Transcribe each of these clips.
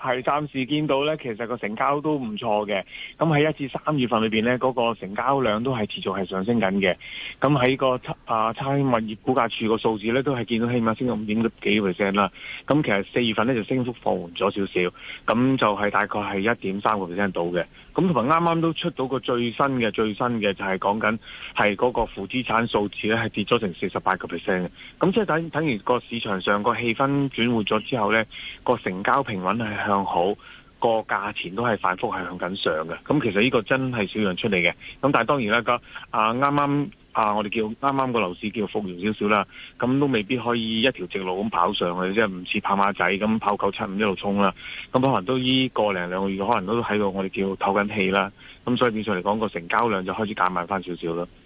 係暫時見到咧，其實個成交都唔錯嘅。咁喺一至三月份裏邊咧，嗰個成交量都係持續係上升緊嘅。咁喺個啊差啊差餉物業估價處個數字咧，都係見到起碼升咗五點幾 percent 啦。咁其實四月份咧就升幅放緩咗少少，咁就係大概係一點三個 percent 到嘅。咁同埋啱啱都出到個最新嘅最新嘅，就係講緊係嗰個負資產數字咧係跌咗成四十八個 percent 嘅。咁即係等等於個市場上個氣氛轉換咗之後咧，個成交平穩係向好，個價錢都係反覆係向緊上嘅。咁其實呢個真係小量出嚟嘅。咁但係當然啦，個啊啱啱啊我哋叫啱啱個樓市叫復原少少啦，咁都未必可以一條直路咁跑上去，即係唔似跑馬仔咁跑九七五一路衝啦。咁可能都依個零兩個月，可能都喺度我哋叫唞緊氣啦。咁所以變相嚟講，個成交量就開始減慢翻少少啦。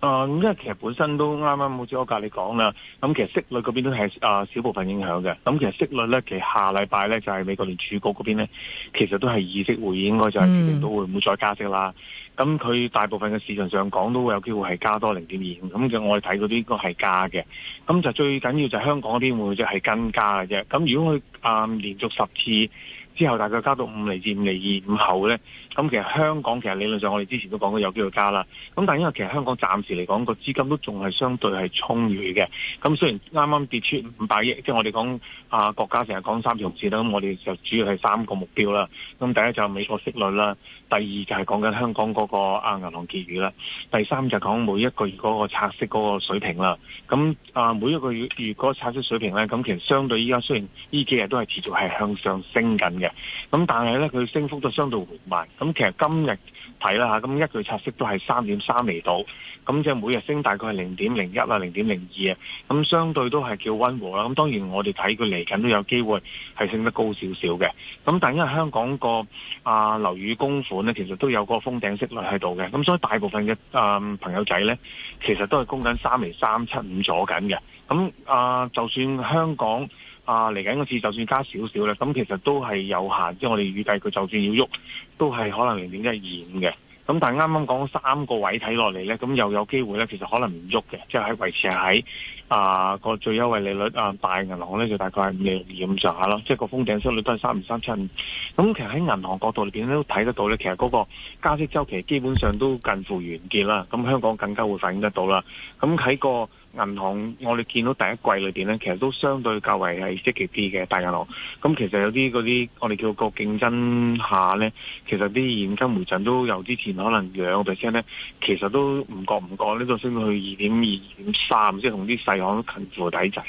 啊、嗯，因為其實本身都啱啱好似我隔離講啦，咁其實息率嗰邊都係啊少部分影響嘅。咁其實息率咧，其實下禮拜咧就係美國聯儲局嗰邊咧，其實都係議息會，應該就係、是、一定都會唔會再加息啦。咁佢大部分嘅市場上講都會有機會係加多零點二，咁嘅我哋睇嗰啲應該係加嘅。咁就最緊要就係香港嗰啲會唔會淨係跟加嘅啫。咁如果佢啊、呃、連續十次。之後大概加到五厘至五厘二五後咧，咁其實香港其實理論上我哋之前都講過有機會加啦。咁但係因為其實香港暫時嚟講個資金都仲係相對係充裕嘅。咁雖然啱啱跌出五百億，即我哋講啊國家成日講三條紅線啦，咁我哋就主要係三個目標啦。咁第一就係美國息率啦，第二就係講緊香港嗰個啊銀行結餘啦，第三就講每一個月嗰個拆息嗰個水平啦。咁啊每一個月如果拆息水平咧，咁其實相對依家雖然呢幾日都係持續係向上升緊嘅。咁但係咧，佢升幅都相對緩慢。咁其實今日睇啦吓，咁一句拆息都係三點三釐到，咁即係每日升大概係零點零一啊，零點零二啊，咁相對都係叫溫和啦。咁當然我哋睇佢嚟緊都有機會係升得高少少嘅。咁但因為香港個啊樓宇供款咧，其實都有個封頂息率喺度嘅。咁所以大部分嘅啊朋友仔咧，其實都係供緊三釐三七五咗緊嘅。咁啊，就算香港。啊，嚟緊嗰次就算加少少咧，咁其實都係有限，即係我哋預計佢就算要喐，都係可能零點一二五嘅。咁但啱啱講三個位睇落嚟咧，咁又有機會咧，其實可能唔喐嘅，即係維持喺啊個最優惠利率啊大銀行咧就大概係五厘二五上下咯，即係個封頂息率都係三五、三七五。咁其實喺銀行角度裏面都睇得到咧，其實嗰個加息周期基本上都近乎完結啦。咁香港更加會反映得到啦。咁喺個銀行，我哋見到第一季裏面咧，其實都相對較為係積極啲嘅大銀行。咁其實有啲嗰啲我哋叫個競爭下咧，其實啲現金回贈都有之前可能兩個 percent 咧。其實都唔覺唔覺，呢個升到去二點二點三，即係同啲細行都近乎抵制。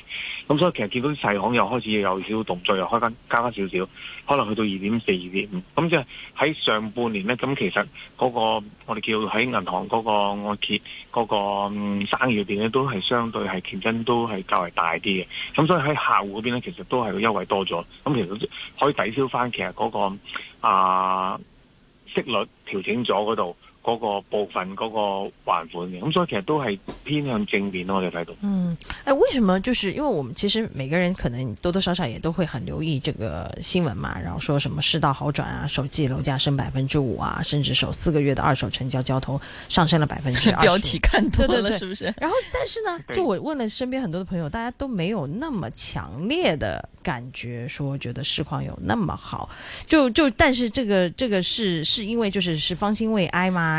咁所以其實見到啲細行又開始有少動作，又開翻加翻少少，可能去到二點四二點五。咁即係喺上半年咧，咁其實嗰個我哋叫喺銀行嗰個按揭嗰個生意裏面咧，都係相，相對係競爭都係較為大啲嘅，咁所以喺客戶嗰邊咧，其實都係個優惠多咗，咁其實可以抵消翻其實嗰個啊息率調整咗嗰度。嗰個部分嗰個還款嘅，咁所以其實都係偏向正面咯，我哋睇到。嗯，哎，為什麼？就是因為我們其實每個人可能多多少少也都會很留意這個新聞嘛，然後說什麼市道好轉啊，首季樓價升百分之五啊，甚至首四個月的二手成交交投上升了百分之二十。標題 看多了，對對對，是不是？然後，但是呢，就我問了身邊很多的朋友，大家都沒有那麼強烈的感覺，說覺得市況有那麼好。就就，但是這個這個是是因為就是是方興未艾嗎？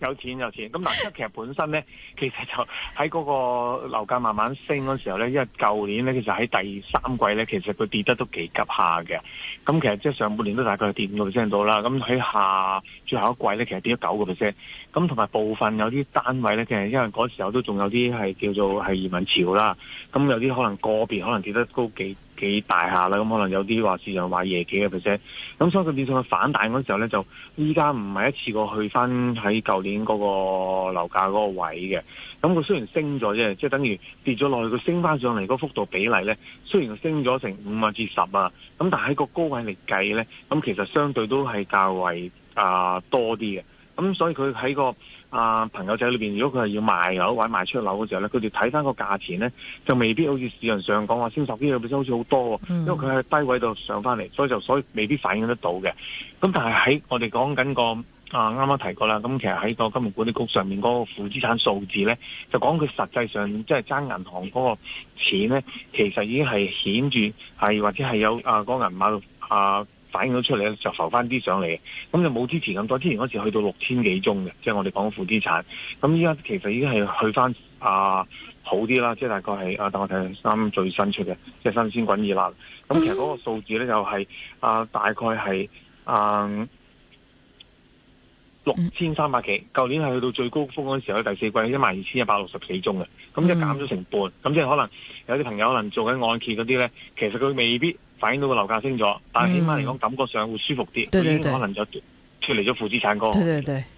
有錢，有錢咁，但係因為其實本身咧，其實就喺嗰個樓價慢慢升嗰時候咧，因為舊年咧，其實喺第三季咧，其實佢跌得都幾急下嘅。咁其實即係上半年都大概跌五個 percent 到啦。咁喺下最後一季咧，其實跌咗九個 percent。咁同埋部分有啲單位咧，其實因為嗰時候都仲有啲係叫做係移民潮啦。咁有啲可能個別可能跌得都幾。幾大下啦，咁可能有啲話市場話夜幾 percent，咁相信佢上去反彈嗰時候咧，就依家唔係一次過去翻喺舊年嗰個樓價嗰個位嘅，咁佢雖然升咗啫，即係等於跌咗落去，佢升翻上嚟嗰幅度比例咧，雖然升咗成五啊至十啊，咁但係喺個高位嚟計咧，咁其實相對都係較為啊、呃、多啲嘅，咁所以佢喺個。啊，朋友仔裏邊，如果佢係要賣樓，或者賣出樓嘅時候咧，佢哋睇翻個價錢咧，就未必好似市場上講話銷售機率本身好似好多，嗯、因為佢係低位度上翻嚟，所以就所以未必反映得到嘅。咁但係喺我哋講緊個啊，啱啱提過啦。咁其實喺個金融管理局上面嗰個負資產數字咧，就講佢實際上即係爭銀行嗰個錢咧，其實已經係顯著係或者係有啊個銀碼啊。反映到出嚟咧，就浮翻啲上嚟，咁就冇之前咁多。之前嗰時去到六千幾宗嘅，即係我哋講負資產。咁依家其實已經係去翻啊好啲啦，即係大概係啊，等我睇下三最新出嘅，即係新鮮滾熱辣。咁其實嗰個數字咧就係啊，大概係啊六千三百幾。舊年係去到最高峰嗰時候，第四季一萬二千一百六十四宗嘅，咁即係減咗成半。咁即係可能有啲朋友可能做緊按揭嗰啲咧，其實佢未必。反映到個樓價升咗，但係起碼嚟講感覺上會舒服啲，嗯、對對對，已經可能就脫離咗負資產嗰個。對對對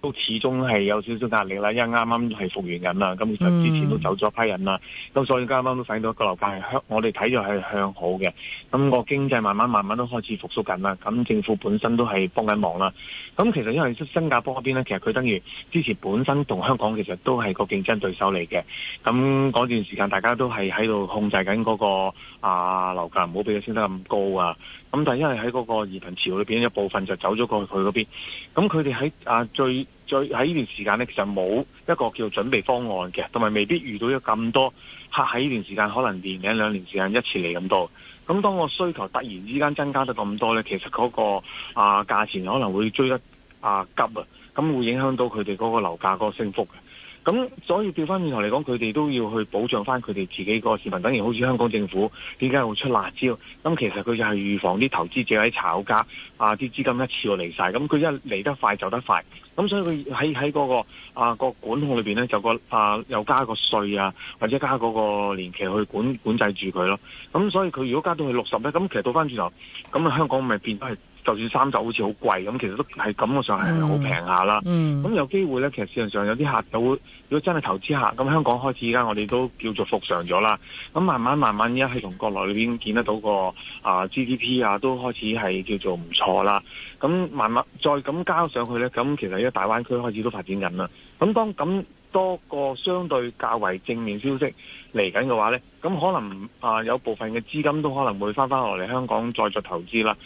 都始終係有少少壓力啦，因為啱啱係復原緊啦，咁其實之前都走咗一批人啦，咁所以啱啱都睇到一個樓價係向，我哋睇咗係向好嘅。咁、那個經濟慢慢慢慢都開始復甦緊啦，咁政府本身都係幫緊忙啦。咁其實因為新加坡嗰邊呢，其實佢等於之前本身同香港其實都係個競爭對手嚟嘅。咁嗰段時間大家都係喺度控制緊嗰、那個啊樓價，唔好俾佢升得咁高啊。咁但係因為喺嗰個移民潮裏邊，一部分就走咗過去佢嗰邊。咁佢哋喺啊最再喺呢段時間呢，其實冇一個叫做準備方案嘅，同埋未必遇到咗咁多客喺呢段時間，可能年零兩年時間一次嚟咁多。咁當個需求突然之間增加得咁多呢，其實嗰個啊價錢可能會追得啊急啊，咁會影響到佢哋嗰個樓價嗰個升幅。咁所以調翻轉頭嚟講，佢哋都要去保障翻佢哋自己嗰個市民，等於好似香港政府點解會出辣招？咁其實佢就係預防啲投資者、喺炒家啊啲資金一次過嚟晒。咁佢一嚟得快走得快，咁所以佢喺喺嗰個啊、個、管控裏面咧，就個啊又加個稅啊，或者加嗰個年期去管管制住佢咯。咁所以佢如果加到去六十咧，咁其實倒翻轉頭，咁啊香港咪變翻就算三十好似好貴，咁，其實都係感覺上係好平下啦。咁、嗯嗯、有機會呢，其實市場上有啲客都會，如果真係投資客咁，香港開始而家我哋都叫做復常咗啦。咁慢慢慢慢，一係從國內裏邊見得到個啊 GDP 啊，都開始係叫做唔錯啦。咁慢慢再咁加上去呢，咁其實而家大灣區開始都發展緊啦。咁當咁多個相對較為正面消息嚟緊嘅話呢，咁可能啊有部分嘅資金都可能會翻翻落嚟香港再作投資啦。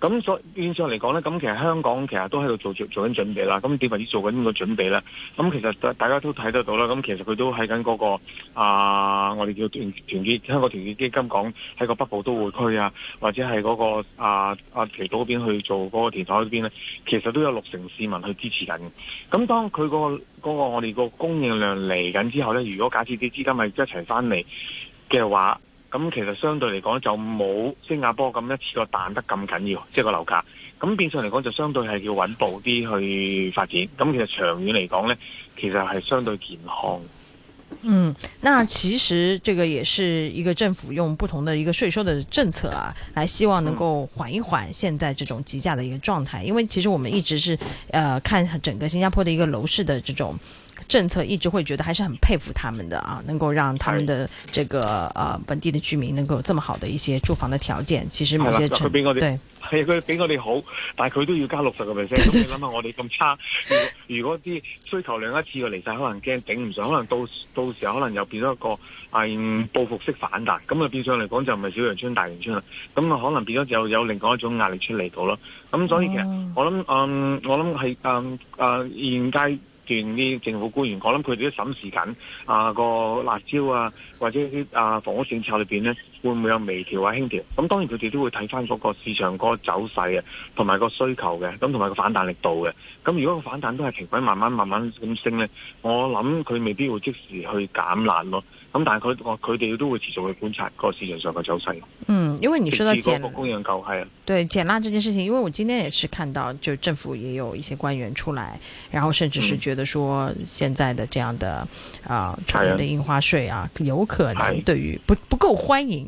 咁所以變相嚟講咧，咁其實香港其實都喺度做做緊準備啦。咁點為之做緊呢個準備咧？咁其實大大家都睇得到啦。咁其實佢都喺緊嗰個啊，我哋叫團團結香港團結基金講喺個北部都會區啊，或者係嗰、那個啊啊旗島嗰邊去做嗰、那個填海嗰邊咧，其實都有六成市民去支持緊。咁當佢、那個嗰、那個我哋個供應量嚟緊之後咧，如果假設啲資金係一齊翻嚟嘅話，咁其實相對嚟講就冇新加坡咁一次過彈得咁緊要，即係個樓價。咁變相嚟講就相對係要穩步啲去發展。咁其實長遠嚟講呢，其實係相對健康。嗯，那其實這個也是一個政府用不同的一個稅收的政策啊，來希望能夠緩一緩現在這種急價的一個狀態。因為其實我們一直是，呃，看整個新加坡的一個樓市的這種。政策一直會覺得還是很佩服他們的啊，能夠讓他們的這個對呃本地的居民能夠有這麼好的一些住房的條件。其實某些村對係佢畀我哋對好，但係佢都要加六十個 percent。對對對，你諗下我哋咁差，如果啲需求量一次過嚟晒，可能驚頂唔上，可能到到時候可能又變咗一個係、嗯、報復式反彈。咁啊，變相嚟講就唔係小陽村大陽村啦。咁啊，可能變咗又有，有另外一種壓力出嚟到咯。咁所以其實、嗯、我諗，嗯，我諗係，嗯，啊、呃，現屆段啲政府官員，我諗佢哋都審視緊啊個辣椒啊，或者啲啊房屋政策裏邊咧。會唔會有微調啊、輕調？咁、嗯、當然佢哋都會睇翻嗰個市場個走勢啊，同埋個需求嘅，咁同埋個反彈力度嘅。咁、嗯、如果個反彈都係平均慢慢慢慢咁升咧，我諗佢未必會即時去減辣咯。咁、嗯、但係佢我佢哋都會持續去觀察個市場上嘅走勢。嗯，因為你說到減，官員夠係啊。對減辣呢件事情，因為我今天也是看到，就政府也有一些官員出來，然後甚至是覺得說，現在的這樣的啊，嗯呃、的印花稅啊，啊有可能對於是不不夠歡迎。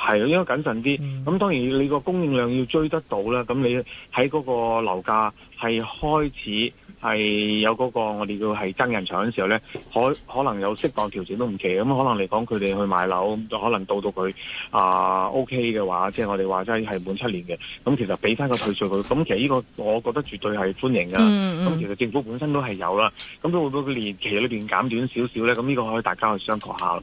係，應該謹慎啲。咁、嗯、當然，你個供應量要追得到啦。咁你喺嗰個樓價係開始係有嗰個我哋叫係爭人場嘅時候咧，可可能有適當調整都唔奇。咁可能嚟講，佢哋去買樓，就可能到到佢啊 OK 嘅話，即、就、係、是、我哋話齋係滿七年嘅。咁其實俾翻個退稅佢，咁其實呢個我覺得絕對係歡迎噶。咁、嗯嗯、其實政府本身都係有啦，咁都會喺年期裏邊減短少少咧。咁呢個可以大家去商榷下。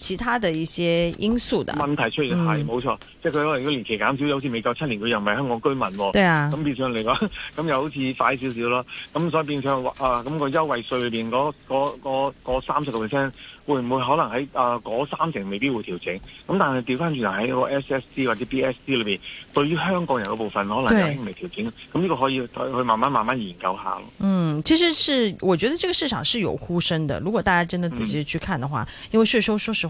其他的一些因素的問題出現係冇、嗯、錯，即係佢可能如果年期減少，又好似未夠七年，佢又唔係香港居民喎、哦。對啊，咁變相嚟講，咁又好似快少少咯。咁所以變相啊，咁、呃那個優惠稅裏邊嗰三十個 percent、那個、會唔會可能喺啊嗰三成未必會調整？咁但係調翻轉頭喺個 SSD 或者 BSD 裏邊，對於香港人嗰部分可能未調整。咁呢對個可以去慢慢慢慢研究一下，嗯，其實是，我覺得這個市場是有呼聲的。如果大家真的仔細去看的話，嗯、因為稅收，說實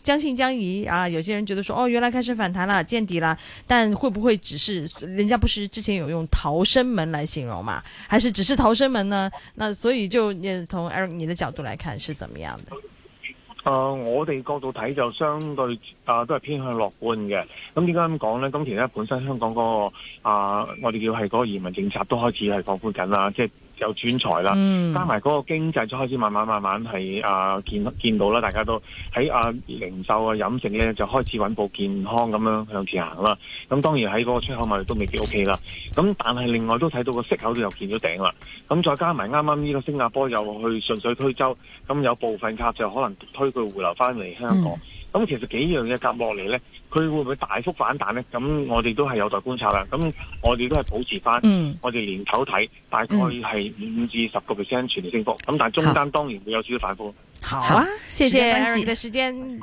將信將疑啊！有些人覺得說，哦，原來開始反彈啦，見底啦，但會不會只是？人家不是之前有用逃生門來形容嘛？還是只是逃生門呢？那所以就從 Eric 你的角度來看是怎麼樣的？誒、呃，我哋角度睇就相對誒、呃、都係偏向樂觀嘅。咁點解咁講呢？今期咧本身香港嗰、那個啊、呃，我哋叫係嗰個移民政策都開始係放寬緊啦，即係。有專才啦，加埋嗰個經濟，就開始慢慢慢慢係啊見見，見到啦。大家都喺啊零售啊飲食咧，就開始穩步健康咁樣向前行啦。咁、啊、當然喺嗰個出口咪都未必 OK 啦。咁、啊、但係另外都睇到個息口都又見咗頂啦。咁、啊、再加埋啱啱呢個新加坡又去順水推舟，咁有部分客就可能推佢回流翻嚟香港。嗯咁、嗯嗯嗯、其實幾樣嘢夾落嚟咧，佢會唔會大幅反彈咧？咁我哋都係有待觀察啦。咁我哋都係保持翻，嗯、我哋連頭睇，大概係五至十個 percent 全年升幅。咁、嗯、但係中間當然會有少少反覆。好，好啊，謝謝 Eric 嘅洗時間。